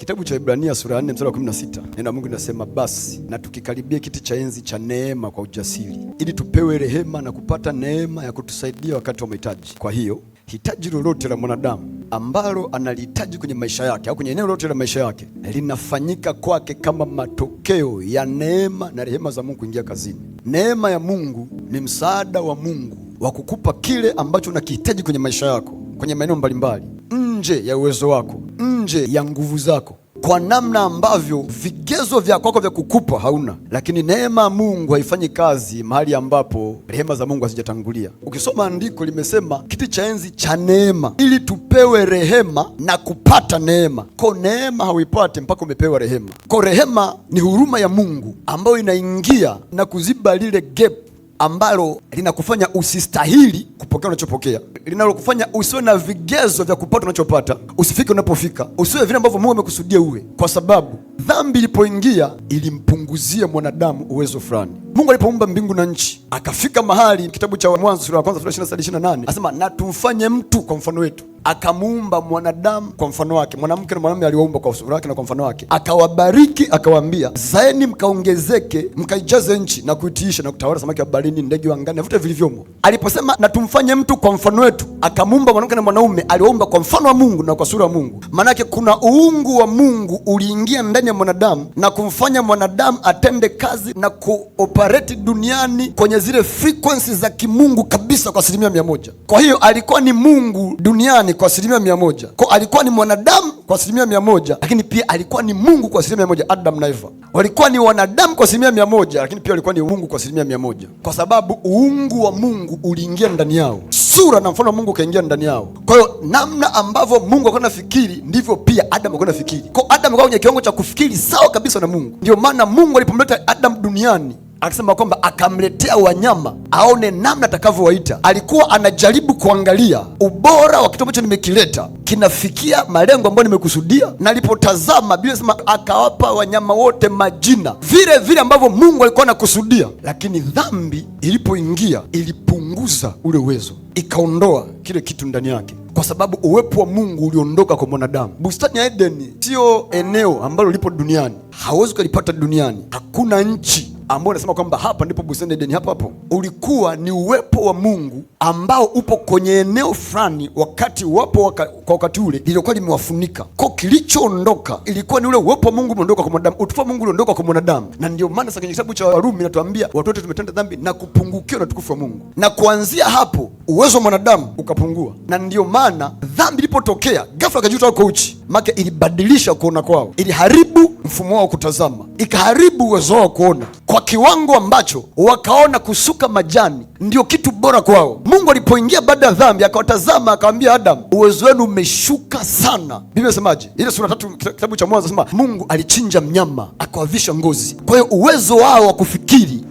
Kitabu cha Ibrania sura ya 4 mstari wa 16, neno la Mungu linasema basi na tukikaribia kiti cha enzi cha neema kwa ujasiri, ili tupewe rehema na kupata neema ya kutusaidia wakati wa mahitaji. Kwa hiyo hitaji lolote la mwanadamu ambalo analihitaji kwenye maisha yake au kwenye eneo lolote la maisha yake linafanyika kwake kama matokeo ya neema na rehema za Mungu kuingia kazini. Neema ya Mungu ni msaada wa Mungu wa kukupa kile ambacho unakihitaji kwenye maisha yako kwenye maeneo mbalimbali nje ya uwezo wako, nje ya nguvu zako, kwa namna ambavyo vigezo vya kwako vya kukupa hauna. Lakini neema ya Mungu haifanyi kazi mahali ambapo rehema za Mungu hazijatangulia. Ukisoma andiko limesema kiti cha enzi cha neema, ili tupewe rehema na kupata neema. Ko, neema hauipate mpaka umepewa rehema. Ko, rehema ni huruma ya Mungu ambayo inaingia na kuziba lile gap ambalo linakufanya usistahili kupokea unachopokea linalokufanya usiwe na vigezo vya kupata unachopata, usifike unapofika, usiwe vile ambavyo Mungu amekusudia uwe, kwa sababu dhambi ilipoingia ilimpunguzia mwanadamu uwezo fulani. Mungu alipoumba mbingu na nchi akafika mahali, kitabu cha Mwanzo sura ya kwanza fungu 28, anasema na tumfanye mtu kwa mfano wetu akamuumba mwanadamu kwa mfano wake, mwanamke na mwanamume aliwaumba kwa sura yake na kwa mfano wake, akawabariki akawaambia, zaeni mkaongezeke, mkaijaze nchi na kuitiisha na kutawala samaki wa baharini, ndege wa angani vyote vilivyomo. Aliposema na tumfanye mtu kwa mfano wetu, akamuumba mwanamke na mwanaume, aliwaumba kwa mfano wa Mungu na kwa sura ya Mungu. Maanake kuna uungu wa Mungu uliingia ndani ya mwanadamu na kumfanya mwanadamu atende kazi na kuoperate duniani kwenye zile frequency za kimungu kabisa kwa asilimia mia moja. Kwa hiyo alikuwa ni Mungu duniani ni kwa asilimia mia moja. Kwa alikuwa ni mwanadamu kwa asilimia mia moja, lakini pia alikuwa ni Mungu kwa asilimia mia moja. Adam na Eva walikuwa ni wanadamu kwa asilimia mia moja, lakini pia walikuwa ni Mungu kwa asilimia mia moja, kwa sababu uungu wa Mungu uliingia ndani yao, sura na mfano wa Mungu ukaingia ndani yao. Kwa hiyo namna ambavyo Mungu alikuwa anafikiri ndivyo pia adamu alikuwa anafikiri. Kwa Adam alikuwa kwenye kiwango cha kufikiri sawa kabisa na Mungu. Ndio maana Mungu alipomleta adamu duniani akasema kwamba akamletea wanyama aone namna atakavyowaita. Alikuwa anajaribu kuangalia ubora wa kitu ambacho nimekileta kinafikia malengo ambayo nimekusudia, na alipotazama Biblia inasema akawapa wanyama wote majina vile vile ambavyo Mungu alikuwa anakusudia, lakini dhambi ilipoingia ilipunguza ule uwezo, ikaondoa kile kitu ndani yake kwa sababu uwepo wa Mungu uliondoka kwa mwanadamu. Bustani ya Edeni siyo eneo ambalo lipo duniani, hauwezi ukalipata duniani. Hakuna nchi ambao unasema kwamba hapa ndipo bustani ya Edeni, hapo, ulikuwa ni uwepo wa Mungu ambao upo kwenye eneo fulani, wakati wapo waka, kwa wakati ule lilikuwa limewafunika kwa kilichoondoka, ilikuwa ni ule uwepo wa Mungu umeondoka kwa mwanadamu, utukufu wa Mungu uliondoka kwa mwanadamu. Na ndio maana sasa kwenye kitabu cha Warumi natuambia watu wote tumetenda dhambi na kupungukiwa na utukufu wa Mungu, na kuanzia hapo uwezo wa mwanadamu ukapungua, na ndio maana dhambi ilipotokea ghafla akajuta wako uchi make, ilibadilisha kuona kwao, iliharibu mfumo wao kutazama, ikaharibu uwezo wao kuona kwa kiwango ambacho wakaona kusuka majani ndio kitu bora kwao. Mungu alipoingia baada ya dhambi, akawatazama akawambia Adamu, uwezo wenu umeshuka sana. Biblia inasemaje? Ile sura tatu kitabu cha Mwanzo nasema Mungu alichinja mnyama akawavisha ngozi. Kwa hiyo uwezo wao wa kufikiri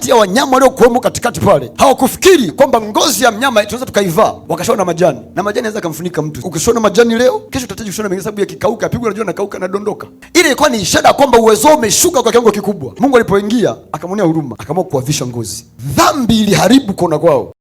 kati ya wanyama waliokuwemo katikati pale, hawakufikiri kwamba ngozi ya mnyama tunaweza tukaivaa, wakashona majani, na majani anaweza akamfunika mtu. Ukishona majani leo, kesho utahitaji kushona mengine, sababu yakikauka, apigwa na jua, nakauka nadondoka. Ile ilikuwa ni ishara kwamba uwezo umeshuka kwa kiwango kikubwa. Mungu alipoingia akamwonea huruma, akaamua kuwavisha ngozi. Dhambi iliharibu kuona kwao.